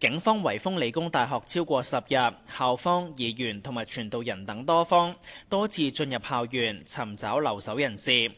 警方圍封理工大學超過十日，校方、議員同埋傳道人等多方多次進入校園尋找留守人士。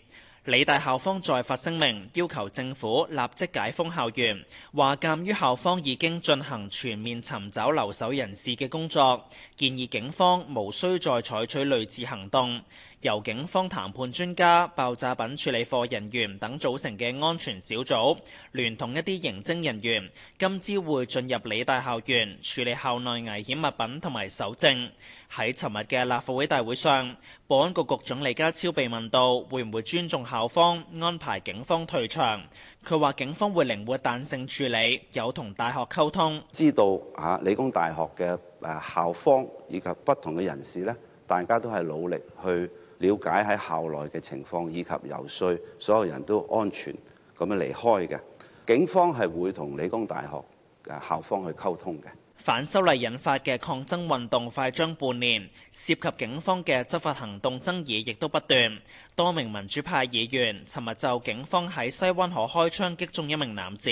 理大校方再發聲明，要求政府立即解封校園，話鑑於校方已經進行全面尋找留守人士嘅工作，建議警方無需再採取類似行動。由警方談判專家、爆炸品處理課人員等組成嘅安全小組，聯同一啲刑偵人員，今朝會進入理大校園處理校內危險物品同埋搜證。喺尋日嘅立法會大會上，保安局局長李家超被問到會唔會尊重校方安排警方退場，佢話警方會靈活彈性處理，有同大學溝通，知道嚇理工大學嘅誒校方以及不同嘅人士呢，大家都係努力去了解喺校內嘅情況，以及游説所有人都安全咁樣離開嘅，警方係會同理工大學校方去溝通嘅。反修例引發嘅抗爭運動快將半年，涉及警方嘅執法行動爭議亦都不斷。多名民主派議員尋日就警方喺西灣河開槍擊中一名男子，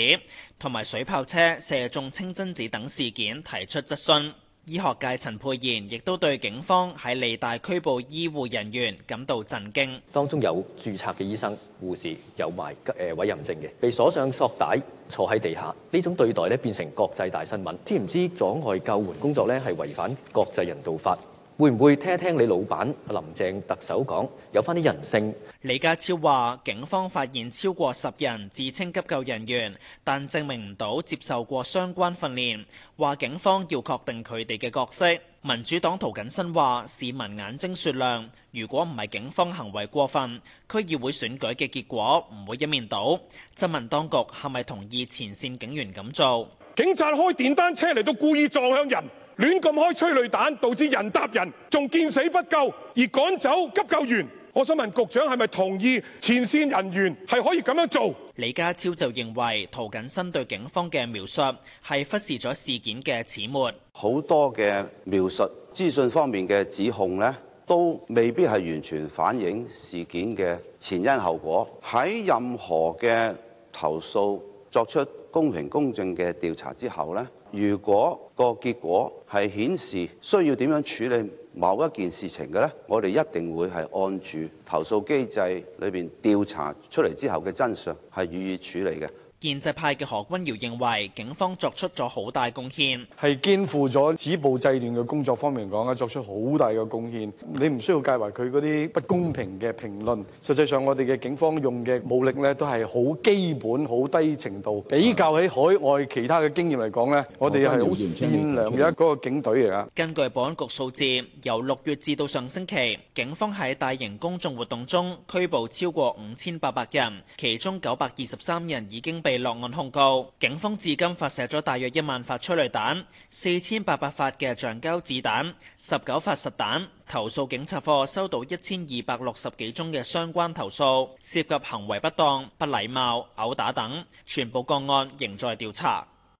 同埋水炮車射中清真寺等事件提出質詢。醫學界陳佩賢亦都對警方喺理大拘捕醫護人員感到震驚，當中有註冊嘅醫生、護士，有埋誒、呃、委任證嘅，被鎖上索帶坐喺地下，呢種對待咧變成國際大新聞，知唔知阻礙救援工作咧係違反國際人道法？會唔會聽一聽你老闆林鄭特首講有返啲人性？李家超話：警方發現超過十人自稱急救人員，但證明唔到接受過相關訓練。話警方要確定佢哋嘅角色。民主黨涂謹申話：市民眼睛雪亮，如果唔係警方行為過分，區議會選舉嘅結果唔會一面倒。質問當局係咪同意前線警員咁做？警察開電單車嚟到故意撞向人。亂咁開催淚彈，導致人搭人，仲見死不救而趕走急救員。我想問局長係咪同意前線人員係可以咁樣做？李家超就認為涂謹申對警方嘅描述係忽視咗事件嘅始末。好多嘅描述資訊方面嘅指控呢，都未必係完全反映事件嘅前因後果。喺任何嘅投訴作出公平公正嘅調查之後咧，如果個結果係顯示需要點樣處理某一件事情嘅咧，我哋一定會係按住投訴機制裏面調查出嚟之後嘅真相係予以處理嘅。建制派嘅何君堯認為警方作出咗好大貢獻，係肩負咗止暴制亂嘅工作方面講啊，作出好大嘅貢獻。你唔需要介懷佢嗰啲不公平嘅評論。實際上，我哋嘅警方用嘅武力呢都係好基本、好低程度。比較喺海外其他嘅經驗嚟講呢，我哋係好善良嘅一個警隊嚟噶。根據保安局數字，由六月至到上星期，警方喺大型公眾活動中拘捕超過五千八百人，其中九百二十三人已經被。被落案控告，警方至今發射咗大約一萬發催淚彈、四千八百發嘅橡膠子彈、十九發實彈。投訴警察課收到一千二百六十幾宗嘅相關投訴，涉及行為不當、不禮貌、毆打等，全部個案仍在調查。